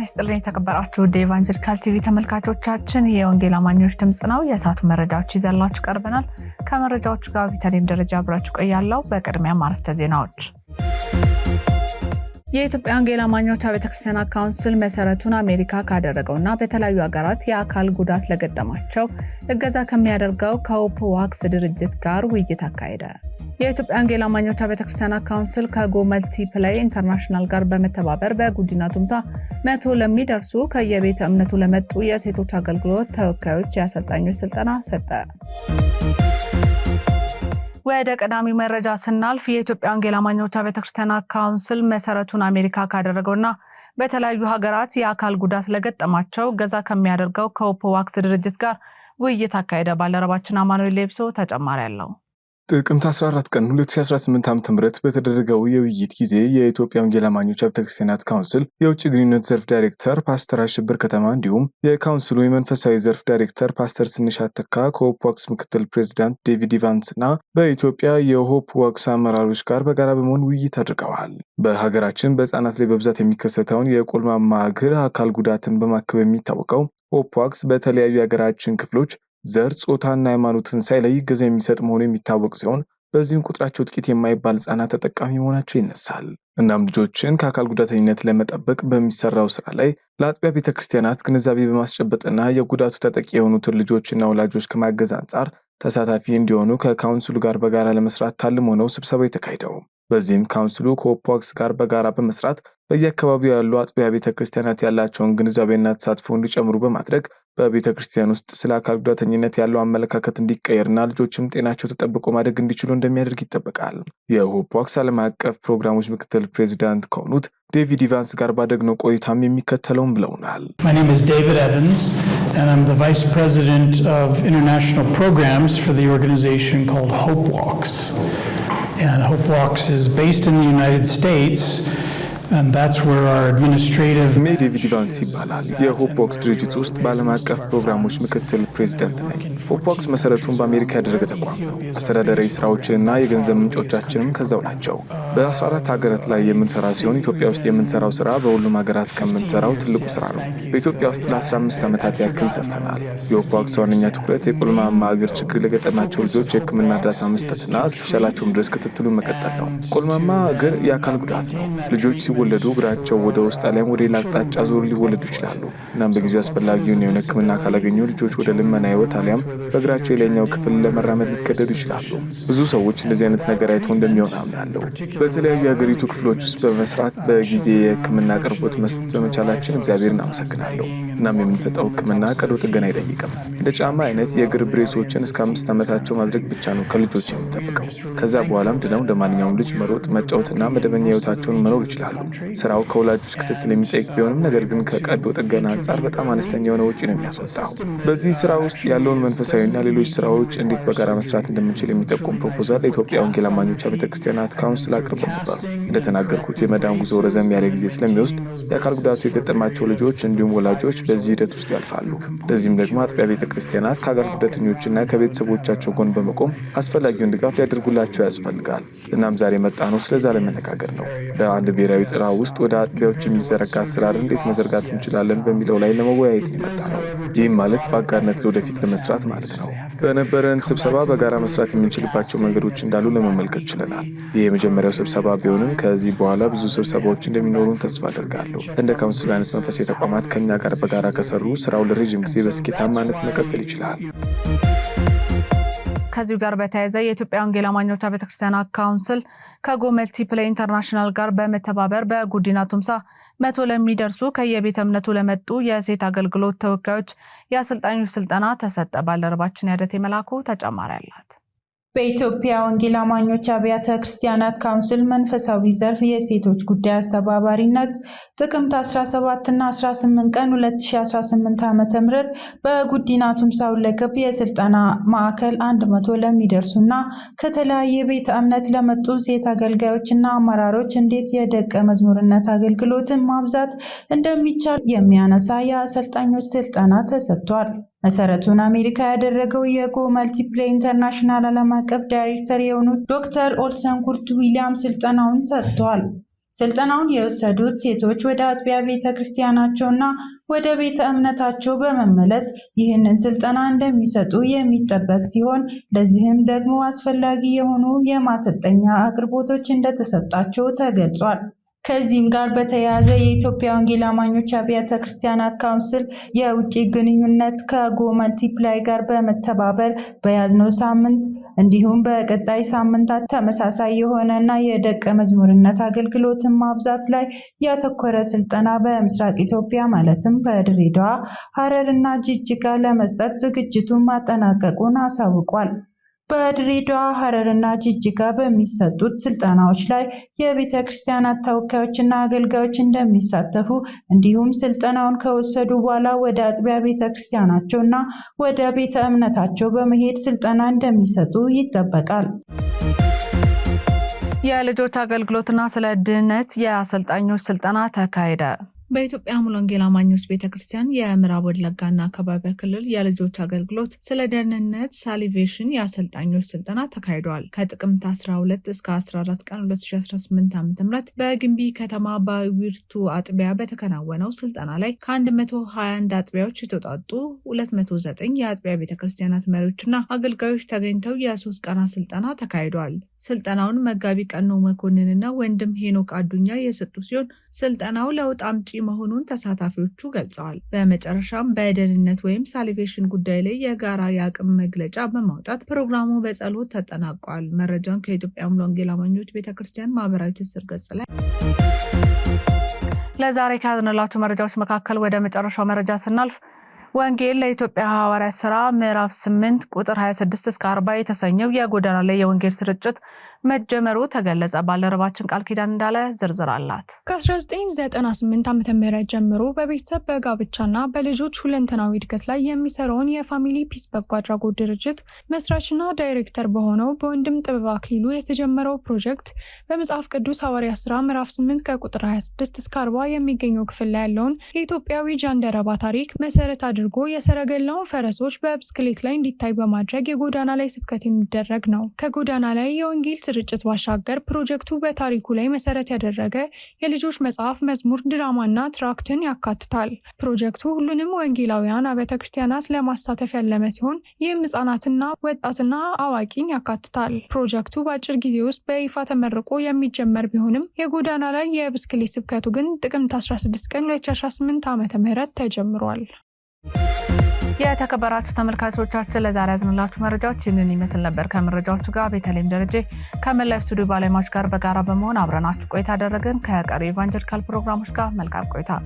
ጤና ይስጥልኝ የተከበራችሁ ውድ ኢቫንጀሊካል ቲቪ ተመልካቾቻችን የወንጌል አማኞች ድምፅ ነው። የእሳቱ መረጃዎች ይዘላችሁ ቀርበናል። ከመረጃዎቹ ጋር ቪታሌም ደረጃ አብራችሁ ቆያለሁ። በቅድሚያ አርዕስተ ዜናዎች የኢትዮጵያ ወንጌል አማኞች አብያተ ክርስቲያናት ካውንስል መሰረቱን አሜሪካ ካደረገውና በተለያዩ ሀገራት የአካል ጉዳት ለገጠማቸው እገዛ ከሚያደርገው ከሆፕ ዋክስ ድርጅት ጋር ውይይት አካሄደ። የኢትዮጵያ ወንጌል አማኞች አብያተ ክርስቲያናት ካውንስል ከጎ መልቲፕላይ ኢንተርናሽናል ጋር በመተባበር በጉዲና ቱምሳ መቶ ለሚደርሱ ከየቤተ እምነቱ ለመጡ የሴቶች አገልግሎት ተወካዮች የአሰልጣኞች ስልጠና ሰጠ። ወደ ቀዳሚ መረጃ ስናልፍ የኢትዮጵያ ወንጌል አማኞች ቤተክርስቲያን ካውንስል መሰረቱን አሜሪካ ካደረገውና በተለያዩ ሀገራት የአካል ጉዳት ለገጠማቸው ገዛ ከሚያደርገው ከሆፕ ዋክስ ድርጅት ጋር ውይይት አካሄደ። ባልደረባችን አማኑኤል ሌብሶ ተጨማሪ አለው። ጥቅምት 14 ቀን 2018 ዓ ም በተደረገው የውይይት ጊዜ የኢትዮጵያ ወንጌል አማኞች አብያተ ክርስቲያናት ካውንስል የውጭ ግንኙነት ዘርፍ ዳይሬክተር ፓስተር አሽብር ከተማ እንዲሁም የካውንስሉ የመንፈሳዊ ዘርፍ ዳይሬክተር ፓስተር ስንሽ አተካ ከሆፕ ዋክስ ምክትል ፕሬዚዳንት ዴቪድ ኢቫንስ እና በኢትዮጵያ የሆፕ ዋክስ አመራሮች ጋር በጋራ በመሆን ውይይት አድርገዋል። በሀገራችን በህጻናት ላይ በብዛት የሚከሰተውን የቆልማማ እግር አካል ጉዳትን በማከብ የሚታወቀው ሆፕ ዋክስ በተለያዩ የሀገራችን ክፍሎች ዘር፣ ጾታና ሃይማኖትን ሳይለይ እገዛ የሚሰጥ መሆኑ የሚታወቅ ሲሆን በዚህም ቁጥራቸው ጥቂት የማይባል ህጻናት ተጠቃሚ መሆናቸው ይነሳል። እናም ልጆችን ከአካል ጉዳተኝነት ለመጠበቅ በሚሰራው ስራ ላይ ለአጥቢያ ቤተ ክርስቲያናት ግንዛቤ በማስጨበጥና የጉዳቱ ተጠቂ የሆኑትን ልጆችና ወላጆች ከማገዝ አንጻር ተሳታፊ እንዲሆኑ ከካውንስሉ ጋር በጋራ ለመስራት ታልሞ ነው ስብሰባው የተካሄደው። በዚህም ካውንስሉ ከኦፕዋክስ ጋር በጋራ በመስራት በየአካባቢው ያሉ አጥቢያ ቤተ ክርስቲያናት ያላቸውን ግንዛቤና ተሳትፎ እንዲጨምሩ በማድረግ በቤተ ክርስቲያን ውስጥ ስለ አካል ጉዳተኝነት ያለው አመለካከት እንዲቀየርና ልጆችም ጤናቸው ተጠብቆ ማደግ እንዲችሉ እንደሚያደርግ ይጠበቃል። የሆፕ ዋክስ ዓለም አቀፍ ፕሮግራሞች ምክትል ፕሬዚዳንት ከሆኑት ዴቪድ ኢቫንስ ጋር ባደግነው ቆይታም የሚከተለውን ብለውናል። ሆፕ ዋክስ ሜድ ቪዲቫንስ ይባላል። የሆፕወክስ ድርጅት ውስጥ በዓለም አቀፍ ፕሮግራሞች ምክትል ፕሬዚደንት ነኝ። ሆፕወክስ መሰረቱን በአሜሪካ ያደረገ ተቋም ነው። አስተዳደራዊ ስራዎችንና የገንዘብ ምንጮቻችንም ከዛው ናቸው። በ14 ሀገራት ላይ የምንሰራ ሲሆን ኢትዮጵያ ውስጥ የምንሰራው ስራ በሁሉም ሀገራት ከምንሰራው ትልቁ ስራ ነው። በኢትዮጵያ ውስጥ ለ15 ዓመታት ያክል ሰርተናል። የሆፕወክስ ዋነኛ ትኩረት የቆልማማ እግር ችግር ለገጠማቸው ልጆች የህክምና እርዳታ መስጠትና እስኪሻላቸውም ድረስ ክትትሉን መቀጠል ነው። ቁልማማ እግር የአካል ጉዳት ነው። ልጆች ሲወለዱ እግራቸው ወደ ውስጥ አሊያም ወደ ሌላ አቅጣጫ ዞር ሊወለዱ ይችላሉ። እናም በጊዜው አስፈላጊውን የሆነ ሕክምና ካላገኙ ልጆች ወደ ልመና ህይወት አሊያም በእግራቸው የላይኛው ክፍል ለመራመድ ሊገደዱ ይችላሉ። ብዙ ሰዎች እንደዚህ አይነት ነገር አይተው እንደሚሆን አምናለሁ። በተለያዩ የሀገሪቱ ክፍሎች ውስጥ በመስራት በጊዜ የሕክምና አቅርቦት መስጠት በመቻላችን እግዚአብሔርን አመሰግናለሁ። እናም የምንሰጠው ህክምና ቀዶ ጥገና አይጠይቅም። እንደ ጫማ አይነት የእግር ብሬሶችን እስከ አምስት ዓመታቸው ማድረግ ብቻ ነው ከልጆች የሚጠበቀው። ከዛ በኋላም ድነው እንደ ማንኛውም ልጅ መሮጥ፣ መጫወትና መደበኛ ህይወታቸውን መኖር ይችላሉ። ስራው ከወላጆች ክትትል የሚጠይቅ ቢሆንም ነገር ግን ከቀዶ ጥገና አንጻር በጣም አነስተኛ የሆነ ውጪ ነው የሚያስወጣው። በዚህ ስራ ውስጥ ያለውን መንፈሳዊና ሌሎች ስራዎች እንዴት በጋራ መስራት እንደምንችል የሚጠቁም ፕሮፖዛል ለኢትዮጵያ ወንጌል አማኞች ቤተ ክርስቲያናት ካውንስል አቅርበ ነበር። እንደተናገርኩት የመዳን ጉዞ ረዘም ያለ ጊዜ ስለሚወስድ የአካል ጉዳቱ የገጠማቸው ልጆች እንዲሁም ወላጆች በዚህ ሂደት ውስጥ ያልፋሉ። ለዚህም ደግሞ አጥቢያ ቤተ ክርስቲያናት ከሀገር ስደተኞችና ከቤተሰቦቻቸው ጎን በመቆም አስፈላጊውን ድጋፍ ሊያደርጉላቸው ያስፈልጋል። እናም ዛሬ መጣ ነው ስለዛ ለመነጋገር ነው። በአንድ ብሔራዊ ጥራ ውስጥ ወደ አጥቢያዎች የሚዘረጋ አሰራር እንዴት መዘርጋት እንችላለን በሚለው ላይ ለመወያየት የመጣ ነው። ይህም ማለት በአጋርነት ለወደፊት ለመስራት ማለት ነው። በነበረን ስብሰባ በጋራ መስራት የምንችልባቸው መንገዶች እንዳሉ ለመመልከት ችለናል። ይህ የመጀመሪያው ስብሰባ ቢሆንም ከዚህ በኋላ ብዙ ስብሰባዎች እንደሚኖሩን ተስፋ አደርጋለሁ። እንደ ካውንስሉ አይነት መንፈሳዊ ተቋማት ከኛ ጋር በጋራ በጋራ ከሰሩ ስራው ለረዥም ጊዜ በስኬታማነት መቀጠል ይችላል። ከዚሁ ጋር በተያያዘ የኢትዮጵያ ወንጌል አማኞች ቤተክርስቲያናት ካውንስል ከጎ መልቲፕላይ ኢንተርናሽናል ጋር በመተባበር በጉዲና ቱምሳ መቶ ለሚደርሱ ከየቤተ እምነቱ ለመጡ የሴት አገልግሎት ተወካዮች የአሰልጣኞች ስልጠና ተሰጠ። ባልደረባችን ያደት የመላኩ ተጨማሪ አላት። በኢትዮጵያ ወንጌል አማኞች አብያተ ክርስቲያናት ካውንስል መንፈሳዊ ዘርፍ የሴቶች ጉዳይ አስተባባሪነት ጥቅምት 17 እና 18 ቀን 2018 ዓ.ም በጉዲና ቱምሳ ሁለገብ የስልጠና ማዕከል 100 ና ከተለያየ ቤተ እምነት ለመጡ ሴት አገልጋዮችና አመራሮች እንዴት የደቀ መዝሙርነት አገልግሎትን ማብዛት እንደሚቻል የሚያነሳ የአሰልጣኞች ስልጠና ተሰጥቷል። መሰረቱን አሜሪካ ያደረገው የጎ መልቲፕላይ ኢንተርናሽናል ዓለም አቀፍ ዳይሬክተር የሆኑት ዶክተር ኦልሰን ኩርት ዊሊያም ስልጠናውን ሰጥቷል። ስልጠናውን የወሰዱት ሴቶች ወደ አጥቢያ ቤተ ክርስቲያናቸውና ወደ ቤተ እምነታቸው በመመለስ ይህንን ስልጠና እንደሚሰጡ የሚጠበቅ ሲሆን ለዚህም ደግሞ አስፈላጊ የሆኑ የማሰልጠኛ አቅርቦቶች እንደተሰጣቸው ተገልጿል። ከዚህም ጋር በተያያዘ የኢትዮጵያ ወንጌል አማኞች አብያተ ክርስቲያናት ካውንስል የውጭ ግንኙነት ከጎ መልቲፕላይ ጋር በመተባበር በያዝነው ሳምንት እንዲሁም በቀጣይ ሳምንታት ተመሳሳይ የሆነ እና የደቀ መዝሙርነት አገልግሎትን ማብዛት ላይ ያተኮረ ስልጠና በምስራቅ ኢትዮጵያ ማለትም በድሬዳዋ፣ ሐረር እና ጅጅጋ ለመስጠት ዝግጅቱን ማጠናቀቁን አሳውቋል። በድሬዳዋ ሐረርና ጅጅጋ በሚሰጡት ስልጠናዎች ላይ የቤተ ክርስቲያናት ተወካዮችና አገልጋዮች እንደሚሳተፉ እንዲሁም ስልጠናውን ከወሰዱ በኋላ ወደ አጥቢያ ቤተ ና ወደ ቤተ እምነታቸው በመሄድ ስልጠና እንደሚሰጡ ይጠበቃል። የልጆች አገልግሎትና ስለ ድህነት የአሰልጣኞች ስልጠና ተካሄደ። በኢትዮጵያ ሙሉ ወንጌል አማኞች ቤተ ክርስቲያን የምዕራብ ወለጋና አካባቢያ ክልል የልጆች አገልግሎት ስለ ደህንነት ሳሊቬሽን የአሰልጣኞች ስልጠና ተካሂደዋል። ከጥቅምት 12 እስከ 14 ቀን 2018 ዓ ም በግንቢ ከተማ በዊርቱ አጥቢያ በተከናወነው ስልጠና ላይ ከ121 አጥቢያዎች የተውጣጡ 209 የአጥቢያ ቤተ ክርስቲያናት መሪዎችና አገልጋዮች ተገኝተው የሶስት ቀናት ስልጠና ተካሂደዋል። ስልጠናውን መጋቢ ቀኖ መኮንንና ወንድም ሄኖክ አዱኛ የሰጡ ሲሆን ስልጠናው ለውጥ አምጪ መሆኑን ተሳታፊዎቹ ገልጸዋል። በመጨረሻም በደህንነት ወይም ሳልቬሽን ጉዳይ ላይ የጋራ የአቅም መግለጫ በማውጣት ፕሮግራሙ በጸሎት ተጠናቋል። መረጃውን ከኢትዮጵያ ሙሉ ወንጌል አማኞች ቤተክርስቲያን ማህበራዊ ትስስር ገጽ ላይ ለዛሬ ከያዝንላችሁ መረጃዎች መካከል ወደ መጨረሻው መረጃ ስናልፍ ወንጌል ለኢትዮጵያ ሐዋርያት ሥራ ምዕራፍ 8 ቁጥር 26 እስከ 40 የተሰኘው የጎዳና ላይ የወንጌል ስርጭት መጀመሩ ተገለጸ። ባልደረባችን ቃል ኪዳን እንዳለ ዝርዝር አላት። ከ1998 ዓ ም ጀምሮ በቤተሰብ በጋብቻና በልጆች ሁለንተናዊ እድገት ላይ የሚሰራውን የፋሚሊ ፒስ በጎ አድራጎት ድርጅት መስራችና ዳይሬክተር በሆነው በወንድም ጥበብ አክሊሉ የተጀመረው ፕሮጀክት በመጽሐፍ ቅዱስ ሐዋርያ ስራ ምዕራፍ 8 ከቁጥር 26 እስከ 40 የሚገኘው ክፍል ላይ ያለውን የኢትዮጵያዊ ጃንደረባ ታሪክ መሰረት አድርጎ የሰረገላውን ፈረሶች በብስክሌት ላይ እንዲታይ በማድረግ የጎዳና ላይ ስብከት የሚደረግ ነው። ከጎዳና ላይ የወንጌል ስርጭት ባሻገር ፕሮጀክቱ በታሪኩ ላይ መሰረት ያደረገ የልጆች መጽሐፍ፣ መዝሙር፣ ድራማና ትራክትን ያካትታል። ፕሮጀክቱ ሁሉንም ወንጌላውያን አብያተ ክርስቲያናት ለማሳተፍ ያለመ ሲሆን ይህም ህጻናትና ወጣትና አዋቂን ያካትታል። ፕሮጀክቱ በአጭር ጊዜ ውስጥ በይፋ ተመርቆ የሚጀመር ቢሆንም የጎዳና ላይ የብስክሌት ስብከቱ ግን ጥቅምት 16 ቀን 2018 ዓ ም ተጀምሯል። የተከበራችሁ ተመልካቾቻችን ለዛሬ ያዝንላችሁ መረጃዎች ይህንን ይመስል ነበር። ከመረጃዎቹ ጋር በተለይም ደረጀ ከመላይ ስቱዲዮ ባለሙያዎች ጋር በጋራ በመሆን አብረናችሁ ቆይታ ያደረግን። ከቀሪ ኢቫንጀሊካል ፕሮግራሞች ጋር መልካም ቆይታ